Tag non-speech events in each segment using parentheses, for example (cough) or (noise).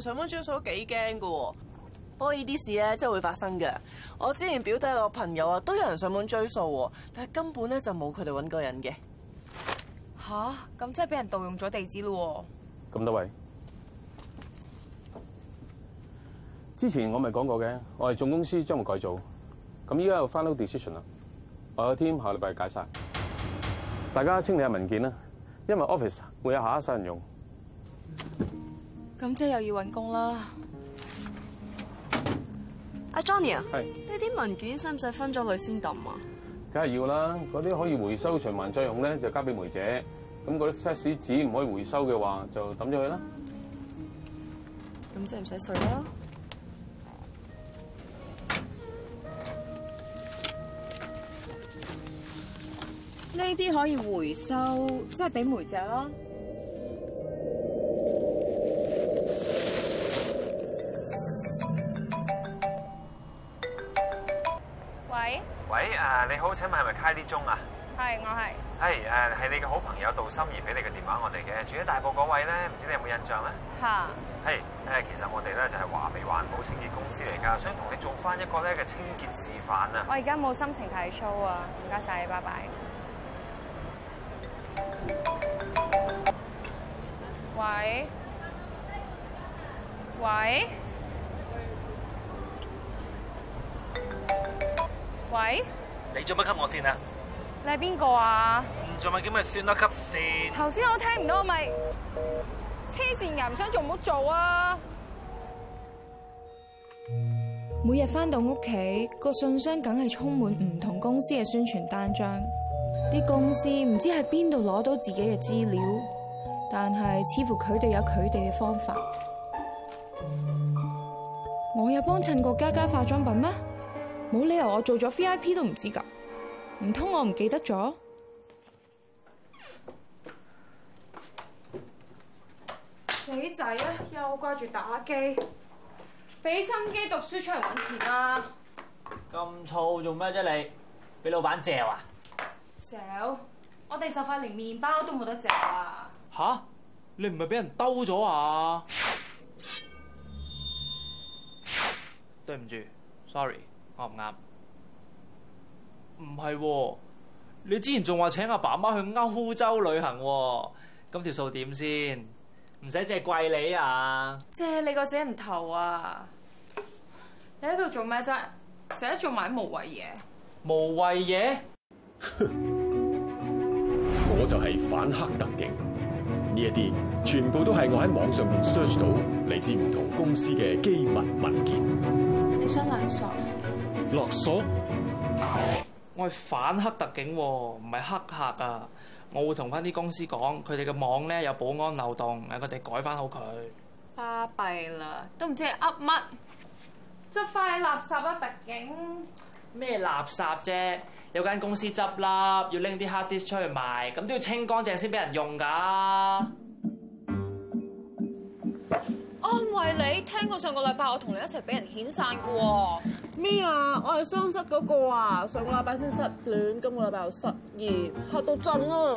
上門追數都幾驚噶，不過呢啲事咧真係會發生嘅。我之前表弟我個朋友啊，都有人上門追數，但係根本咧就冇佢哋搵過人嘅。吓，咁真係俾人盜用咗地址咯。咁多位，之前我咪講過嘅，我哋總公司將會改組，咁依家有 final decision 啦。我有 team 下禮拜解散，大家清理下文件啦，因為 office 會有下一世人用。嗯咁即係又要揾工啦，阿 Johnny 啊，係呢啲文件使唔使分咗類先抌啊？梗係要啦，嗰啲可以回收循環再用咧，就交俾梅姐。咁嗰啲 fax 紙唔可以回收嘅話，就抌咗佢啦。咁即係唔使水咯？呢啲可以回收，即係俾梅姐咯。喂喂，誒、uh, 你好，請問係咪 Kylie 鍾啊？係我係。係誒，係你嘅好朋友杜心儀俾你嘅電話我哋嘅，住喺大埔嗰位咧，唔知你有冇印象咧？吓。係誒，其實我哋咧就係華美環保清潔公司嚟噶想同你做翻一個咧嘅清潔示範啊。我而家冇心情睇 show 啊，唔該晒，拜拜。喂喂。喂喂，你做乜扱我線啊？你係邊個啊？唔做咪叫咩？算啦，扱線。頭先我聽唔到咪黐線噶，唔想做唔好做啊！每日翻到屋企，個信箱梗係充滿唔同公司嘅宣傳單張，啲公司唔知喺邊度攞到自己嘅資料，但係似乎佢哋有佢哋嘅方法。我有幫襯過家家化妝品咩？冇理由我做咗 VIP 都唔知噶，唔通我唔記得咗？死仔啊，又掛住打機，俾心機讀書出嚟搵錢啦！咁燥做咩啫你？俾老闆嚼啊？嚼？我哋就快連麵包都冇得嚼啊！吓？你唔係俾人兜咗啊？對唔住，Sorry。我唔啱，唔係、喎，你之前仲話請阿爸媽去歐洲旅行，咁條數點先？唔使借貴利啊！借，啊借你個死人頭啊！你喺度做咩啫？成日做埋啲無謂嘢，無謂嘢， (laughs) 我就係反駭特警，呢一啲全部都係我喺網上面 search 到嚟自唔同公司嘅機密文件。你想冷傻？落鎖，我係反黑特警，唔係黑客啊！我會同翻啲公司講，佢哋嘅網咧有保安漏洞，嗌佢哋改翻好佢。巴閉啦，都唔知係噏乜，執翻啲垃圾啊，特警咩垃圾啫？有間公司執笠，要拎啲 hard disk 出去賣，咁都要清乾淨先俾人用噶。嗯安慰、哦、你，聽過上個禮拜我同你一齊俾人遣散嘅喎、哦。咩啊？我係雙失嗰個啊！上個禮拜先失戀，今個禮拜又失業，嚇到震啊！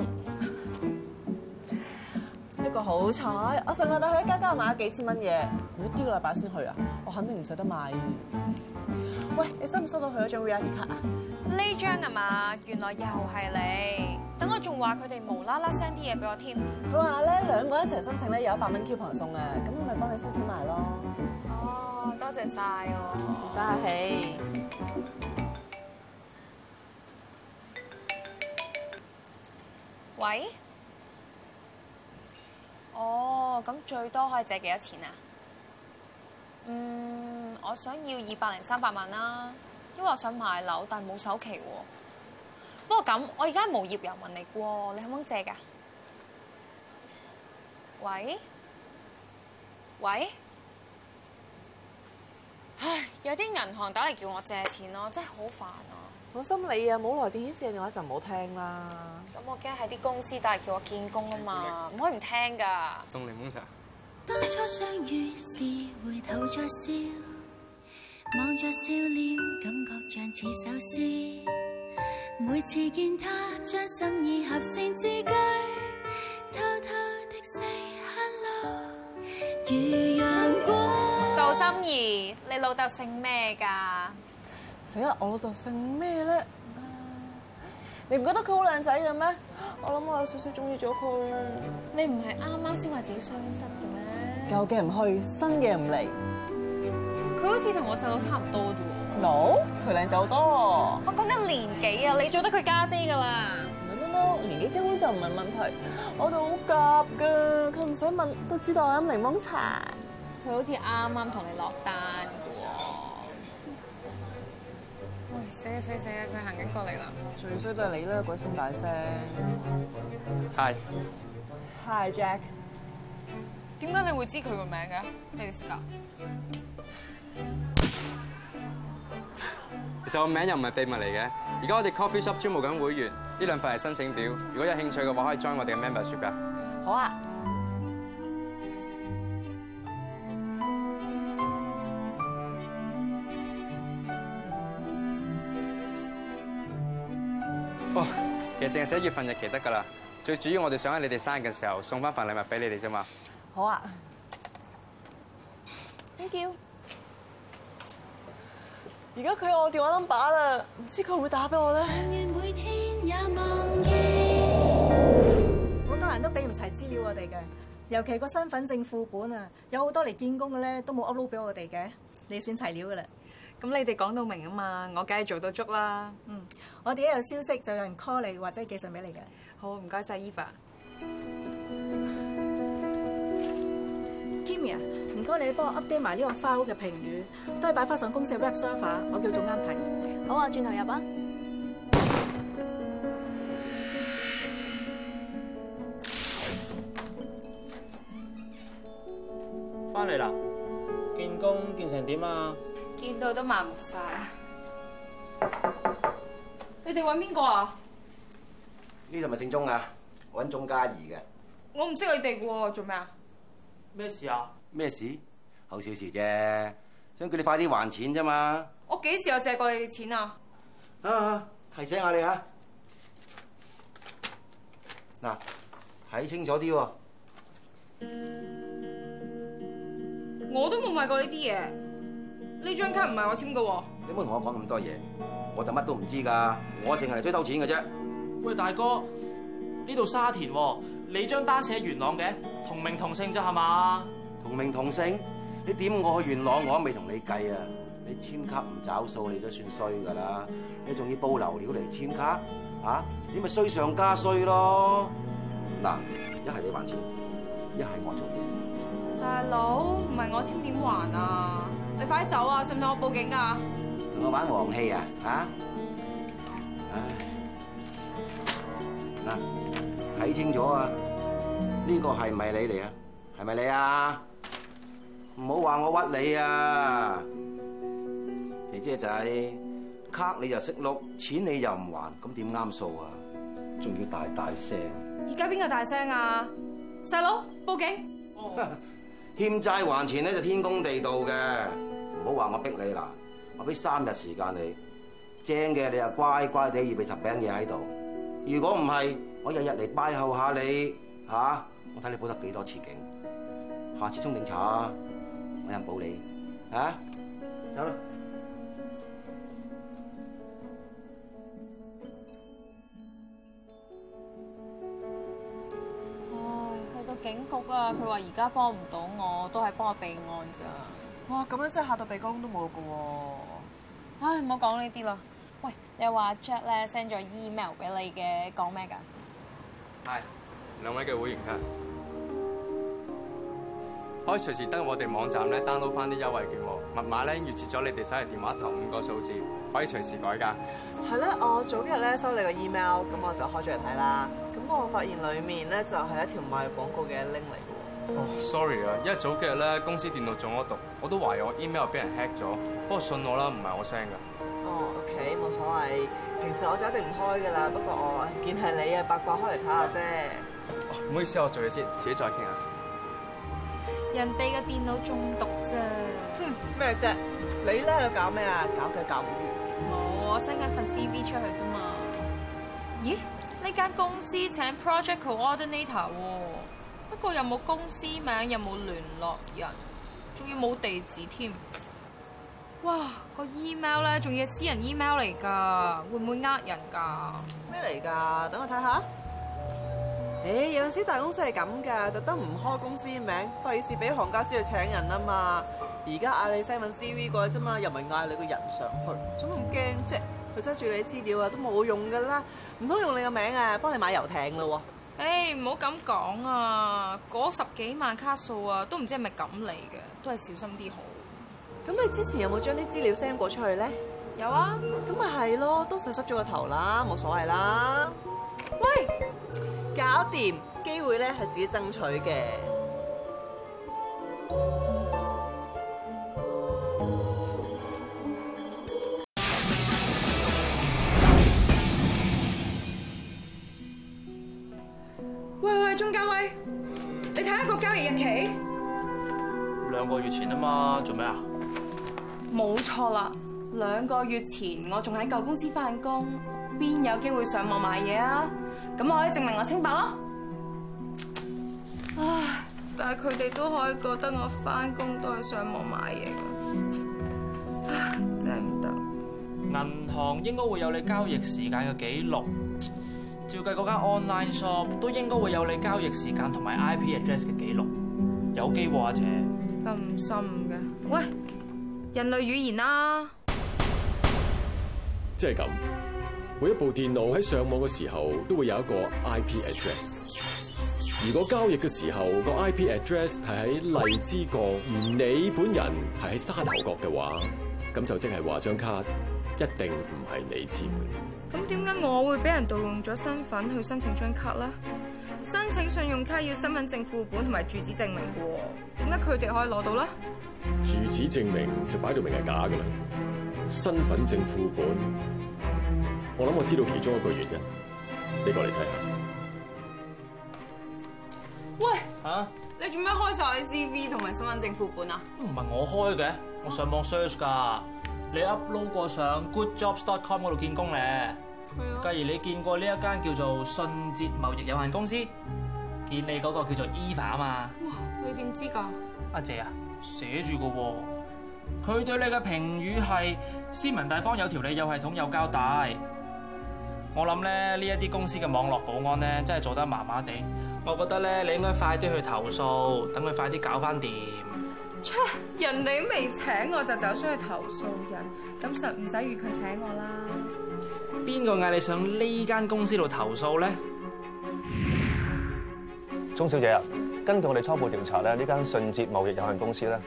(laughs) 一個好彩，我上個禮拜去家家買咗幾千蚊嘢，果、呃、啲、呢個禮拜先去啊，我肯定唔捨得買。喂，你收唔收到佢一張 v i 卡啊？呢張啊嘛，原來又係你。等我仲話佢哋無啦啦 send 啲嘢俾我添。佢話咧，兩個一齊申請咧，有一百蚊 coupon 送嘅。咁我咪幫你申請埋咯。哦，多謝晒喎，唔使客氣。喂？哦，咁最多可以借幾多錢啊？嗯，我想要二百零三百萬啦。因為我想買樓，但係冇首期喎。不過咁，我而家無業遊民嚟喎，你可唔可借㗎？喂喂，唉，有啲銀行打嚟叫我借錢咯，真係好煩啊！好心你啊，冇來電顯示嘅話就唔好聽啦。咁我驚係啲公司打嚟叫我見工啊嘛，唔可以唔聽㗎。凍檸檬茶。望住笑臉，感覺像似首詩。每次見他將心意合成字句，偷偷的 say hello。杜心怡，你老豆姓咩噶？死啦！我老豆姓咩咧？Uh, 你唔覺得佢好靚仔嘅咩？我諗我有少少中意咗佢。你唔係啱啱先話自己傷心嘅咩？舊嘅唔去，新嘅唔嚟。好似同我細佬差唔多啫喎，冇佢靚仔好多。我講緊年紀啊，你做得佢家姐噶啦。唔唔唔，年紀根本就唔係問題，我哋好夾噶，佢唔使問都知道我飲檸檬茶。佢好似啱啱同你落單噶喎。喂，死啊死啊，佢行緊過嚟啦。最衰都係你啦，鬼心大聲。Hi，Hi Hi, Jack，點解你會知佢個名嘅？咩事噶？其實個名字又唔係秘密嚟嘅。而家我哋 coffee shop 招募緊會員，呢兩份係申請表。如果有興趣嘅話，可以 join 我哋嘅 membership 噶。好啊。哦，其實淨係寫月份日期就得噶啦。最主要我哋想喺你哋生日嘅時候送翻份禮物俾你哋啫嘛。好啊。Thank you。而家佢有我電話 number 啦，唔知佢會打俾我咧。永遠每天也望見，好多人都俾唔齊資料我哋嘅，尤其個身份證副本啊，有好多嚟見工嘅咧都冇 upload 俾我哋嘅。你算齊料噶啦，咁你哋講到明啊嘛，我梗係做到足啦。嗯，我哋一有消息就有人 call 你或者係寄信俾你嘅。好，唔該晒，Eva。Kimi，唔該你幫我 update 埋呢個花屋嘅評語，都係擺翻上公司嘅 web s e r v e 我叫總監睇。好啊，轉頭入啊。翻嚟啦，見工見成點啊？見到都麻木晒。你哋揾邊個啊？呢度咪姓鐘啊，揾鐘嘉儀嘅。我唔識佢哋喎，做咩啊？咩事啊？咩事？好小事啫，想叫你快啲還錢啫嘛。我幾時有借過你嘅錢啊？啊！提醒下你啊，嗱，睇清楚啲喎。我都冇買過呢啲嘢，呢張卡唔係我簽㗎喎。你唔好同我講咁多嘢，我就乜都唔知㗎。我淨係嚟追收錢㗎啫。喂，大哥。呢度沙田喎，你張單寫元朗嘅，同名同姓啫係嘛？同名同姓，你點？我去元朗，我都未同你計啊！你簽卡唔找數，你都算衰噶啦！你仲要報流料嚟簽卡，吓？你咪衰上加衰咯！嗱，一係你還錢，一係我做嘢。大佬，唔係我簽點還啊？你快走啊！信唔信我報警啊？同我玩黃氣啊？吓、啊？唉。睇清楚啊！呢個係咪你嚟啊？係咪你啊？唔好話我屈你啊！姐姐仔，卡你就識碌，錢你又唔還，咁點啱數啊？仲要大大聲！而家邊個大聲啊？細佬，報警！欠債還錢咧就天公地道嘅，唔好話我逼你啦。我俾三日時間你的，精嘅你又乖乖地，要俾十餅嘢喺度。如果唔係，我日日嚟拜候下你，吓、啊、我睇你報得幾多次警，下次衝頂查，我有人保你，吓、啊、走啦！唉，去到警局啊，佢話而家幫唔到我，都係幫我備案咋、哎。哇，咁樣真係吓到鼻哥都冇噶喎！唉，唔好講呢啲啦。喂，你又話 Jack 咧 send 咗 email 俾你嘅，講咩噶？係兩位嘅會員卡，可以隨時登入我哋網站咧 download 翻啲優惠券喎。密碼咧預設咗，你哋手提電話頭五個數字，可以隨時改噶。係咧，我早幾日咧收你個 email，咁我就開咗嚟睇啦。咁我發現裡面咧就係一條賣廣告嘅 link 嚟嘅。哦，sorry 啊，因為早幾日咧公司電腦中咗毒，我都懷疑我 email 俾人 hack 咗，不過信我啦，唔係我 send 噶。冇所謂，平時我就一定唔開噶啦。不過我見係你啊，八卦開嚟睇下啫。哦，唔好意思，我做嘢先，自己再傾啊。人哋嘅電腦中毒啫。哼，咩啫？你咧度搞咩啊？搞嘅咁遠。我新緊份 CV 出去啫嘛。咦？呢間公司請 Project Coordinator 喎，不過又冇公司名，又冇聯絡人，仲要冇地址添。哇，個 email 咧，仲要私人 email 嚟噶，會唔會呃人㗎？咩嚟㗎？等我睇下。誒，有陣時大公司係咁㗎，特登唔開公司嘅名，費事俾行家知道請人啊嘛。而家嗌你 send 份 CV 過去啫嘛，又唔係嗌你個人上去，做乜咁驚啫？佢揸住你資料啊，都冇用㗎啦，唔通用你個名啊，幫你買遊艇咯喎？誒，唔好咁講啊，嗰十幾萬卡數啊，都唔知係咪咁嚟嘅，都係小心啲好。咁你之前有冇將啲資料 send 過出去咧？有啊，咁咪係咯，都洗濕咗個頭啦，冇所謂啦。喂，搞掂，機會咧係自己爭取嘅。兩個月前，我仲喺舊公司翻工，邊有機會上網買嘢啊？咁我可以證明我清白咯。唉，但係佢哋都可以覺得我翻工都係上網買嘢啊。真係唔得。銀行應該會有你交易時間嘅記錄，照計嗰間 online shop 都應該會有你交易時間同埋 IP address 嘅記錄。有機會啊，阿姐咁深嘅？喂，人類語言啦。即係咁，每一部電腦喺上網嘅時候都會有一個 IP address。如果交易嘅時候，個 IP address 係喺荔枝角，而你本人係喺沙頭角嘅話，咁就即係話張卡一定唔係你簽嘅。咁點解我會俾人盜用咗身份去申請張卡啦？申請信用卡要身份證副本同埋住址證明嘅喎，點解佢哋可以攞到咧？住址證明就擺到明係假嘅啦。身份證副本，我諗我知道其中一個原因，你過嚟睇下。喂，吓、啊，你做咩開晒我嘅 CV 同埋身份證副本啊？唔係我開嘅，我上網 search 噶。你 upload 過上 GoodJobs.com 嗰度見工咧。係啊的。繼而你見過呢一間叫做信捷貿易有限公司，見你嗰個叫做 Eva 啊嘛。哇，你點知噶？阿姐啊，寫住噶喎。佢對你嘅評語係斯文大方、有條理、有系統、有交代。我諗咧，呢一啲公司嘅網絡保安咧，真係做得麻麻地。我覺得咧你應該快啲去投訴，等佢快啲搞翻掂。人哋未請我就走出去投訴人，咁實唔使預佢請我啦。邊個嗌你上呢間公司度投訴咧？鍾小姐啊，根據我哋初步調查咧，呢間信捷貿易有限公司咧，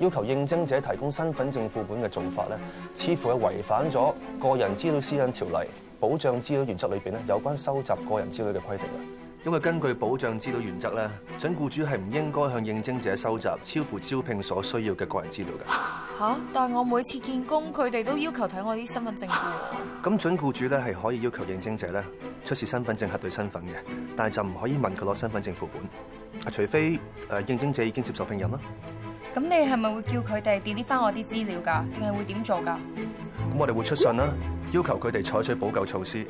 要求應徵者提供身份證副本嘅做法咧，似乎係違反咗個人資料私隱條例保障資料原則裏面咧有關收集個人資料嘅規定啊。因為根據保障資料原則咧，準雇主係唔應該向應徵者收集超乎招聘所需要嘅個人資料嘅。啊。但係我每次見工，佢哋都要求睇我啲身份證簿。咁準雇主咧係可以要求應徵者咧出示身份證核對身份嘅，但係就唔可以問佢攞身份證副本，除非誒應徵者已經接受聘任啦。咁你係咪會叫佢哋 delete 翻我啲資料噶？定係會點做噶？咁我哋會出信啦，要求佢哋採取補救措施，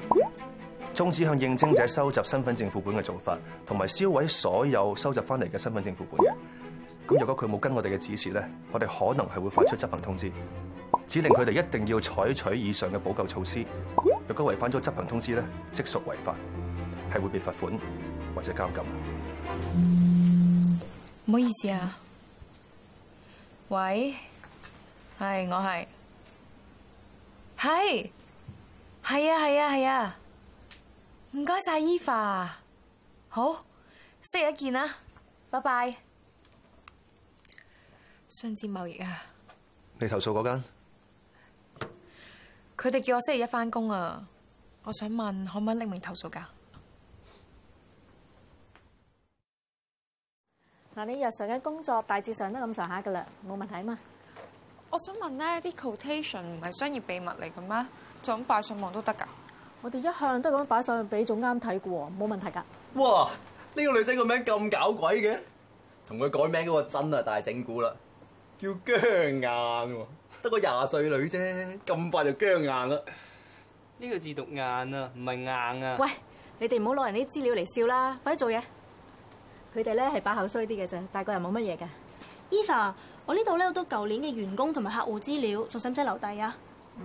終止向應徵者收集身份證副本嘅做法，同埋銷毀所有收集翻嚟嘅身份證副本嘅。咁若果佢冇跟我哋嘅指示咧，我哋可能係會發出執行通知，指令佢哋一定要採取以上嘅補救措施。若果違反咗執行通知咧，即屬違法，係會被罰款或者監禁。嗯，唔好意思啊。喂，係我係，係，係啊係啊係啊，唔該晒，Eva，啊，啊謝謝 e，好，星期一見啦，拜拜。信智貿易啊，你投訴嗰間，佢哋叫我星期一翻工啊，我想問可唔可以匿名投訴噶？嗱，但你日常嘅工作大致上都咁上下噶啦，冇問題嘛？我想問咧，啲 quotation 唔係商業秘密嚟嘅咩？就咁擺上網都得噶？我哋一向都係咁擺上去俾總監睇過，冇問題噶。哇！呢個女仔個名咁搞鬼嘅，同佢改名嗰個，真係大整蠱啦！叫僵硬喎，得個廿歲女啫，咁快就僵硬啦！呢個字讀雁啊，唔係硬啊！喂，你哋唔好攞人啲資料嚟笑啦，快啲做嘢！佢哋咧係把口衰啲嘅啫，大係個人冇乜嘢嘅。Eva，我呢度咧好多舊年嘅員工同埋客戶資料，仲使唔使留低啊？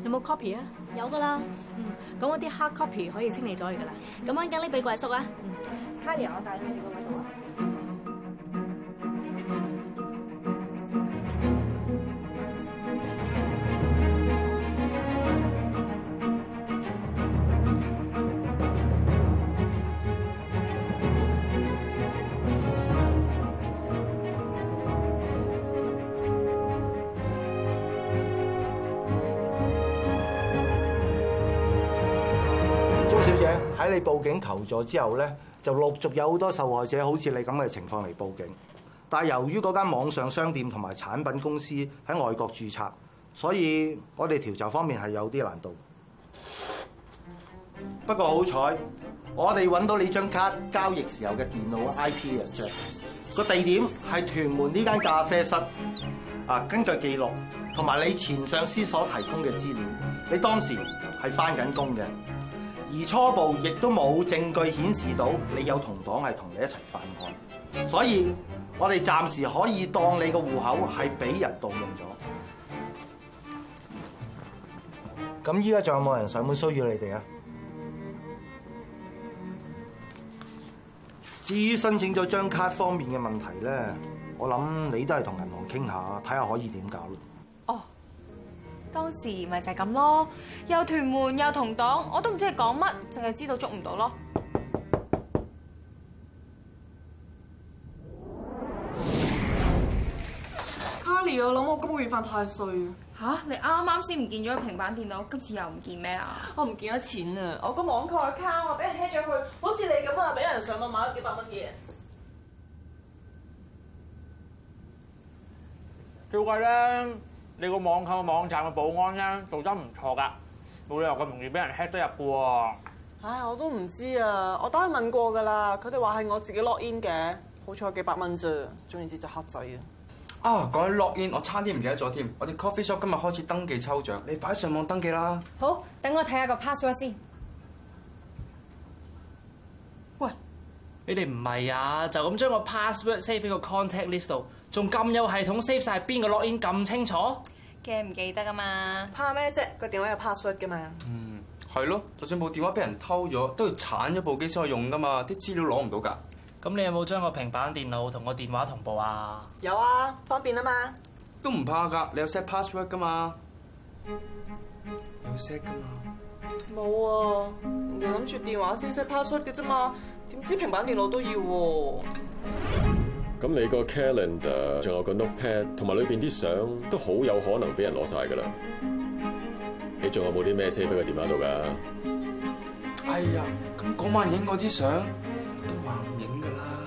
有冇 copy 啊？有噶啦。嗯，咁嗰啲 hard copy 可以清理咗嚟噶啦。咁揾緊呢俾貴叔啊。嗯，Kylie，我，我，我帶你去度啊？喺你報警求助之後咧，就陸續有好多受害者好似你咁嘅情況嚟報警。但係由於嗰間網上商店同埋產品公司喺外國註冊，所以我哋調查方面係有啲難度。不過好彩，我哋揾到你這張卡交易時候嘅電腦 I P 嘅著，個地點係屯門呢間咖啡室。啊，根據記錄同埋你前上司所提供嘅資料，你當時係返緊工嘅。而初步亦都冇證據顯示到你有同黨係同你一齊犯案，所以我哋暫時可以當你個戶口係俾人盜用咗。咁依家仲有冇人上門騷擾你哋啊？至於申請咗張卡方面嘅問題呢，我諗你都係同銀行傾下，睇下可以點搞咯。當時咪就係咁咯，又團門又同黨，我都唔知佢講乜，淨係知道捉唔到咯。卡 a r r i 我諗我今個月犯太衰，啊！你啱啱先唔見咗平板電腦，今次又唔見咩啊？我唔見咗錢啊！我個網購卡我俾人 c 咗佢，好似你咁啊，俾人上網買咗幾百蚊嘢。叫佢咧。你個網購網站嘅保安咧，做得唔錯㗎，冇理由咁容易俾人 hack 得入嘅喎。唉，我都唔知啊，我都係問過㗎啦，佢哋話係我自己 log in 嘅，好彩幾百蚊啫，總言之就黑仔啊！啊，講起 log in，我差啲唔記得咗添，我哋 coffee shop 今日開始登記抽獎，你快上網登記啦。好，等我睇下個 password 先。你哋唔係啊，就咁將個 password save 喺個 contact list 度，仲咁有系統 save 晒邊個 login 咁清楚驚唔記,記得噶嘛？怕咩啫？個電話有 password 噶嘛？嗯，係咯。就算部電話俾人偷咗，都要鏟咗部機先可以用噶嘛？啲資料攞唔到㗎。咁你有冇將個平板電腦同個電話同步啊？有啊，方便啊嘛。都唔怕㗎，你有 set password 㗎嘛？有 set 㗎嘛？冇啊，人哋諗住電話先 set password 嘅啫嘛。點知平板電腦都要喎、啊？咁你個 calendar，仲有個 note pad，同埋裏邊啲相都好有可能俾人攞晒㗎啦。你仲有冇啲咩 save 喺個電話度㗎？哎呀，咁嗰晚影嗰啲相都唔影㗎啦。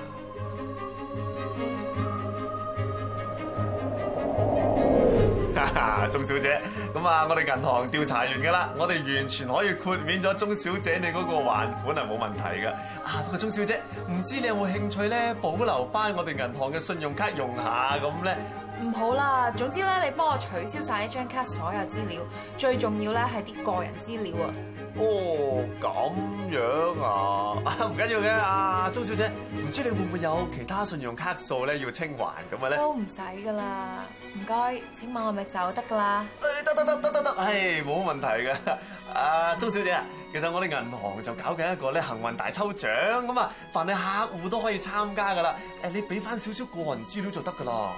哈哈，鍾小姐。咁啊！我哋銀行調查完㗎啦，我哋完全可以豁免咗鐘小姐你嗰個還款係冇問題嘅。啊，不過鐘小姐唔知你有冇興趣咧保留翻我哋銀行嘅信用卡用下咁咧？唔好啦，總之咧你幫我取消晒呢張卡所有資料，最重要咧係啲個人資料啊。哦，咁樣啊，啊，唔緊要嘅啊，鐘小姐，唔知你會唔會有其他信用卡數咧要清還咁嘅咧？都唔使㗎啦，唔該，請問我咪就得㗎啦。得得得得得得，唉，冇問題嘅。阿鐘小姐啊，其實我哋銀行就搞緊一個咧幸運大抽獎咁啊，凡係客戶都可以參加噶啦。誒，你俾翻少少個人資料就得噶啦。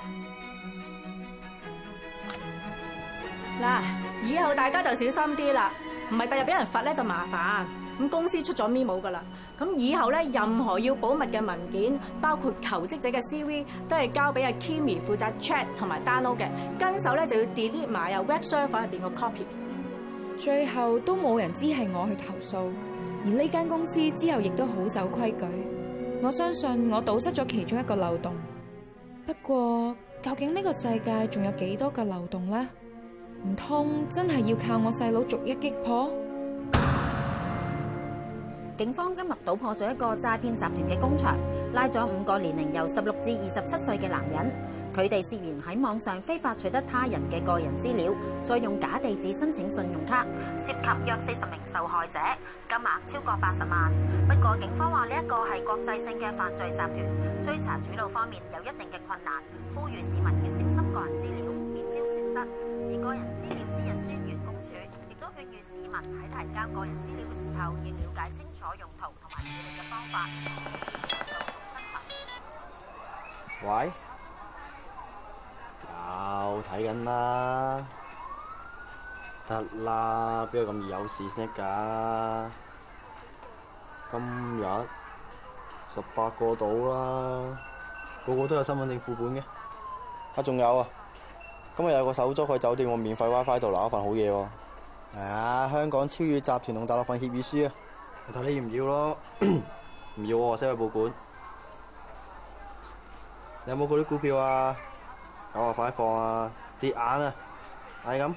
嗱，以後大家就小心啲啦，唔係第日俾人罰咧就麻煩。咁公司出咗 memo 噶啦。咁以後咧，任何要保密嘅文件，包括求職者嘅 CV，都係交俾阿 Kimi 負責 check 同埋 download 嘅，跟手咧就要 delete 埋啊 web server 入邊個 copy。最後都冇人知係我去投訴，而呢間公司之後亦都好守規矩。我相信我堵塞咗其中一個漏洞，不過究竟呢個世界仲有幾多個漏洞咧？唔通真係要靠我細佬逐一擊破？警方今日搗破咗一個詐騙集團嘅工場，拉咗五個年齡由十六至二十七歲嘅男人，佢哋涉嫌喺網上非法取得他人嘅個人資料，再用假地址申請信用卡，涉及約四十名受害者，金額超過八十萬。不過警方話呢一個係國際性嘅犯罪集團，追查主腦方面有一定嘅困難，呼籲市民要小心個人資料，免招損失。而個人資料私隱專員公署亦都勸喻市民喺提交個人資料。就要了解清楚用途同埋處理嘅方法。喂，又有睇緊啦，得啦，邊個咁易有事先得㗎？今日十八個到啦，個個都有身份證副本嘅。啊，仲有啊，今日有個手足去酒店個免費 WiFi 度攞一份好嘢喎，啊。係啊，香港超越集團同大陸份協議書啊，我睇你要唔要咯？唔要，啊，我收去保管。你有冇嗰啲股票啊？有啊，快放啊，跌眼啊，係咁。